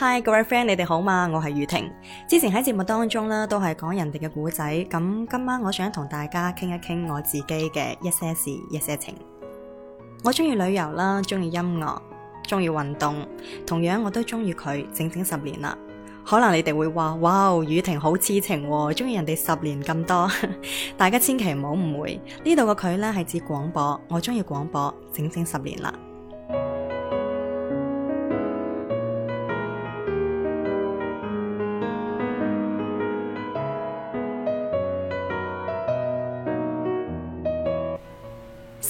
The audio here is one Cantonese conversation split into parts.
Hi，各位 friend，你哋好嘛？我係宇婷。之前喺節目當中咧，都係講人哋嘅故仔。咁今晚我想同大家傾一傾我自己嘅一些事、一些情。我中意旅遊啦，中意音樂，中意運動。同樣我都中意佢整整十年啦。可能你哋會話：哇，宇婷好痴情，中意人哋十年咁多。大家千祈唔好誤會，呢度嘅佢呢係指廣播。我中意廣播整整十年啦。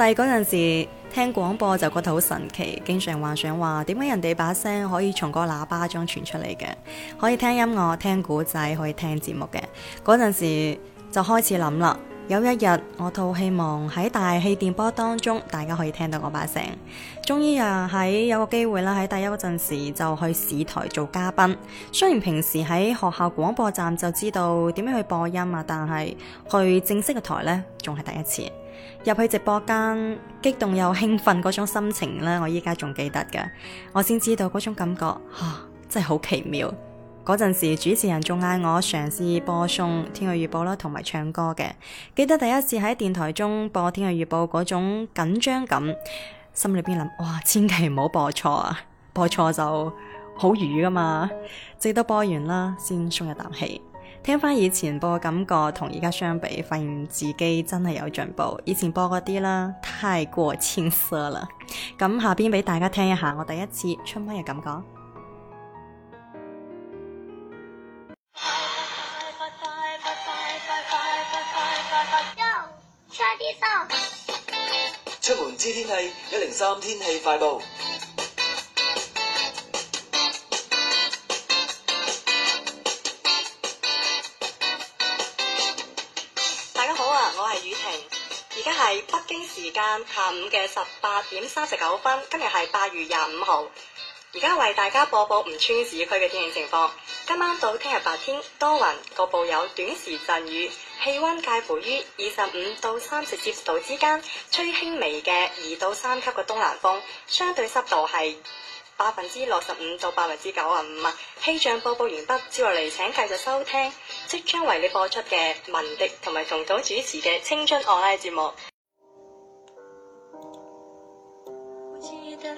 細嗰陣時聽廣播就覺得好神奇，經常幻想話點解人哋把聲可以從個喇叭中傳出嚟嘅，可以聽音樂、聽古仔、可以聽節目嘅。嗰陣時就開始諗啦。有一日，我好希望喺大氣電波當中，大家可以聽到我把聲。終於啊，喺有個機會啦，喺大一嗰陣時就去市台做嘉賓。雖然平時喺學校廣播站就知道點樣去播音啊，但係去正式嘅台呢，仲係第一次。入去直播間，激動又興奮嗰種心情咧，我依家仲記得噶。我先知道嗰種感覺，吓真係好奇妙。嗰陣時主持人仲嗌我嘗試播送天氣預報啦，同埋唱歌嘅。記得第一次喺電台中播天氣預報嗰種緊張感，心裏邊諗，哇，千祈唔好播錯啊！播錯就好瘀噶嘛。直到播完啦，先鬆一啖氣。聽翻以前播嘅感覺，同而家相比，發現自己真係有進步。以前播嗰啲啦，太過青澀啦。咁下邊俾大家聽一下我第一次出麥嘅感覺。出啲數，出門知天氣，一零三天氣快報。係北京時間下午嘅十八點三十九分，今日係八月廿五號。而家為大家播報吳川市區嘅天氣情況。今晚到聽日白天多雲，局部有短時陣雨，氣溫介乎於二十五到三十攝氏度之間，吹輕微嘅二到三級嘅東南風，相對濕度係百分之六十五到百分之九十五啊。氣象播報完畢，接落嚟請繼續收聽即將為你播出嘅文迪同埋同組主持嘅《青春愛拉》節目。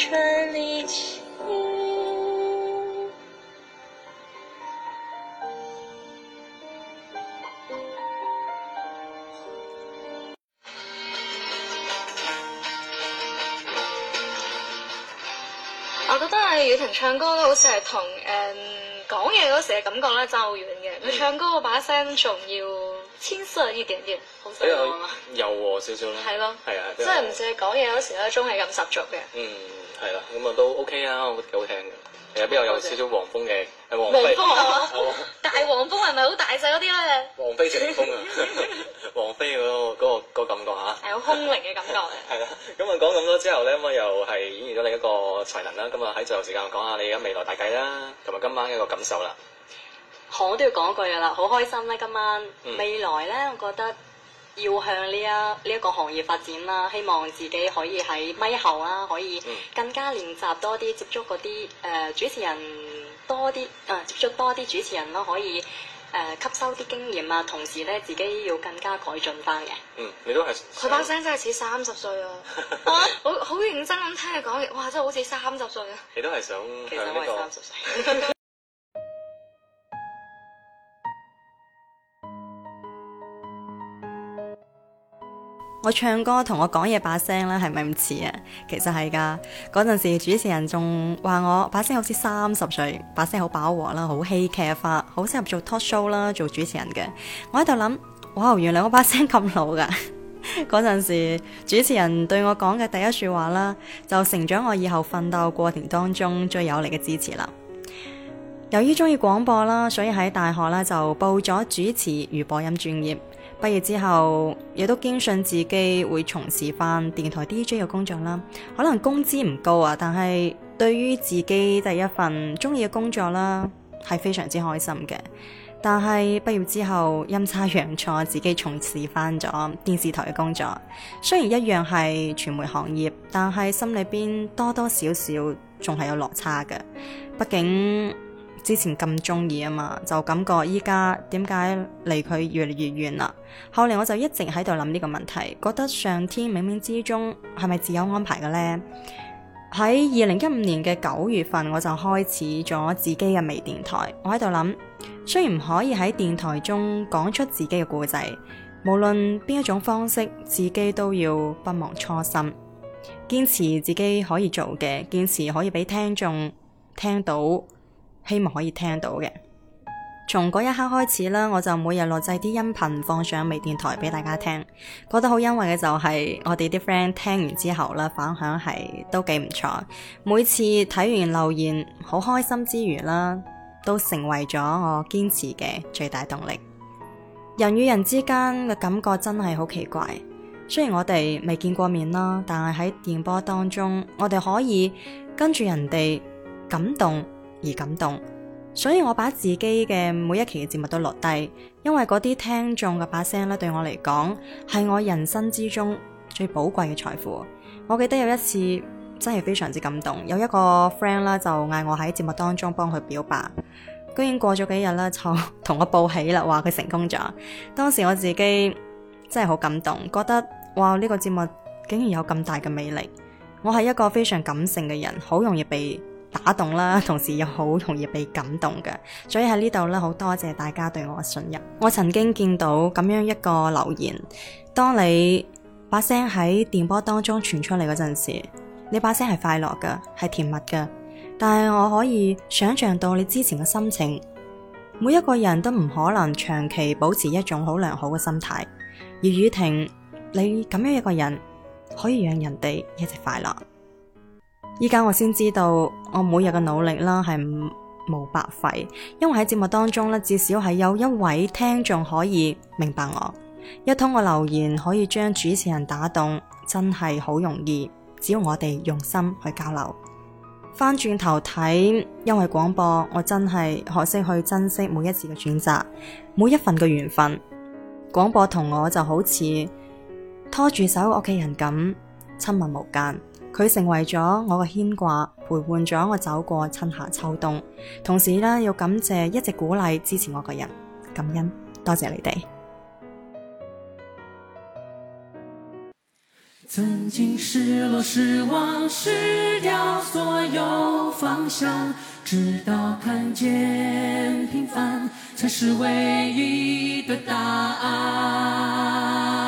我覺得啊，雨婷唱歌咧，好似係同誒講嘢嗰時嘅感覺咧爭好遠嘅。佢、mm. 唱歌嗰把聲仲要纖細一點點。比較柔和少少啦，係咯，係啊，真係唔似你講嘢有時咧，中氣咁十足嘅。嗯，係啦，咁啊都 OK 啊，我覺得幾好聽嘅。係啊，其實比較有少少黃蜂嘅？係黃蜂，大黃蜂係咪好大隻嗰啲咧？王菲風啊，王菲嗰個感覺嚇，係好空靈嘅感覺。係啦，咁啊講咁多之後咧，咁啊又係演繹咗你一個才能啦。咁啊喺最後時間講下你而家未來大計啦，同埋今晚一個感受啦。我都要講一句㗎啦，好開心啦！今晚未來咧，我覺得。要向呢一呢一個行業發展啦，希望自己可以喺咪後啊，可以更加練習多啲，接觸嗰啲誒主持人多啲，啊、呃、接觸多啲主持人咯，可以誒、呃、吸收啲經驗啊，同時咧自己要更加改進翻嘅。嗯，你都係想佢把聲真係似三十歲啊！好好 認真咁聽佢講嘅，哇，真係好似三十歲啊！你都係想其實都係三十歲？ 我唱歌同我講嘢把聲咧係咪唔似啊？其實係噶，嗰陣時主持人仲話我把聲好似三十歲，把聲好飽和啦，好戲劇化，好適合做 talk show 啦，做主持人嘅。我喺度諗，哇！原來我把聲咁老噶。嗰 陣時主持人對我講嘅第一句話啦，就成咗我以後奮鬥過程當中最有力嘅支持啦。由於中意廣播啦，所以喺大學咧就報咗主持與播音專業。畢業之後，亦都堅信自己會從事翻電台 DJ 嘅工作啦。可能工資唔高啊，但係對於自己第一份中意嘅工作啦，係非常之開心嘅。但係畢業之後陰差陽錯，自己從事翻咗電視台嘅工作。雖然一樣係傳媒行業，但係心裏邊多多少少仲係有落差嘅，畢竟。之前咁中意啊嘛，就感覺依家點解離佢越嚟越遠啦？後嚟我就一直喺度諗呢個問題，覺得上天冥冥之中係咪自有安排嘅呢？喺二零一五年嘅九月份，我就開始咗自己嘅微電台。我喺度諗，雖然唔可以喺電台中講出自己嘅故仔，無論邊一種方式，自己都要不忘初心，堅持自己可以做嘅，堅持可以俾聽眾聽到。希望可以聽到嘅，從嗰一刻開始啦，我就每日錄製啲音頻放上微電台俾大家聽。覺得好欣慰嘅就係我哋啲 friend 聽完之後啦，反響係都幾唔錯。每次睇完留言，好開心之餘啦，都成為咗我堅持嘅最大動力。人與人之間嘅感覺真係好奇怪，雖然我哋未見過面啦，但係喺電波當中，我哋可以跟住人哋感動。而感動，所以我把自己嘅每一期嘅節目都落低，因為嗰啲聽眾嘅把聲咧，對我嚟講係我人生之中最寶貴嘅財富。我記得有一次真係非常之感動，有一個 friend 啦就嗌我喺節目當中幫佢表白，居然過咗幾日啦就同我報喜啦，話佢成功咗。當時我自己真係好感動，覺得哇呢個節目竟然有咁大嘅魅力。我係一個非常感性嘅人，好容易被打動啦，同時又好容易被感動嘅，所以喺呢度咧好多謝大家對我嘅信任。我曾經見到咁樣一個留言：當你把聲喺電波當中傳出嚟嗰陣時，你把聲係快樂嘅，係甜蜜嘅。但係我可以想象到你之前嘅心情。每一個人都唔可能長期保持一種好良好嘅心態。而宇婷，你咁樣一個人，可以讓人哋一直快樂。依家我先知道，我每日嘅努力啦，係唔冇白費，因為喺節目當中咧，至少係有一位聽眾可以明白我，一通嘅留言可以將主持人打動，真係好容易。只要我哋用心去交流，翻轉頭睇，因為廣播，我真係學識去珍惜每一次嘅選擇，每一份嘅緣分。廣播同我就好似拖住手屋企人咁，親密無間。佢成為咗我嘅牽掛，陪伴咗我走過春夏秋冬。同時呢，要感謝一直鼓勵支持我嘅人，感恩多謝你哋。曾經失落失望失掉所有方向，直到看見平凡才是唯一的答案。